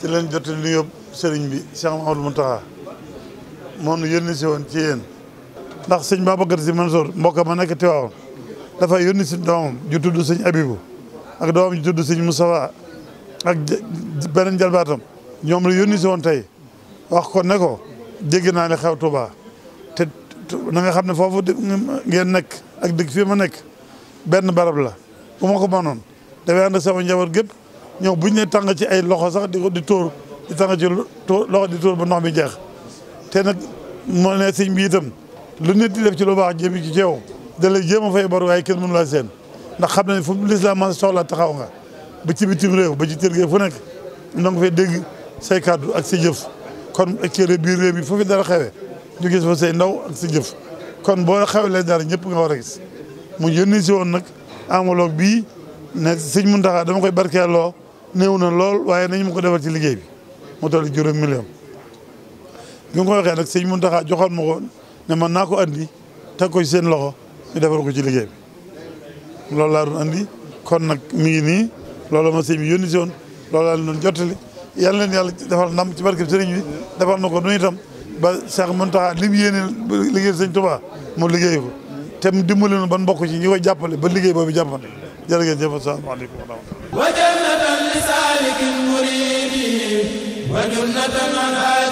ci leen jot li yóbbu sëriñ bi Cheikh Mouhamadou Mountakha moom nu yónni si woon ci yéen ndax sëñ Babacar Sy Mansour mbokk ma nekk Tiwaawoon dafay yónni si doomam ju tudd sëñ Abibu ak doomam ju tudd sëñ Moustapha ak beneen jalbaatam ñoom la yónni si woon tey wax ko ne ko dégg naa ne xew Touba te na nga xam ne foofu ngeen nekk ak dëkk fii ma nekk benn barab la bu ma ko mënoon dafay ànd sama njaboot gépp ñëw buñ ne tàng ci ay loxo sax di ko di tóor di tàng ci loxo di tóor ba ndox mi jeex te nag moo ne sëñ bi itam lu nit di def ci lu baax jëm ci ceew da lay jéem a fay bor waaye kenn mënu laa seen ndax xam ne fu lislaam man soxla taxaw nga ba ci bitim réew ba ci tërgee fu nekk na nga fay dégg say kàddu ak si jëf kon ak cëre biir réew mi foofu dara xewe ñu gis say ndaw ak sa kon boo xewlee dara ñëpp nga war a gis mu yónni si woon nag enveloppe bii ne mun Mountakha dama koy barkeeloo new na lool waaye nañu ma ko defal ci liggéey bi mu toll juróom million bi nga ko waxee siñ mun Mountakha joxoon ma ko ne man naa ko andi teg ko ci seen loxo ñu defal ko ci liggéey bi loolu laa doon andi kon nag mi ngi nii loolu ma sëñ bi yónni si woon loolu laa doon jottali yàlla leen yàlla defal ndam ci barke sëriñ bi defal na ko nu itam ba Cheikh Mountakha li mu yéene liggéey sëñ Touba mu liggéey ko te mu dimbali noonu ban mbokk ci ñi koy jàppale ba liggéey boobu jàppale jërë ngeen jëf asalaamaaleykum wa rahmatulah. wa jannatan li saalikin muridi wa jannatan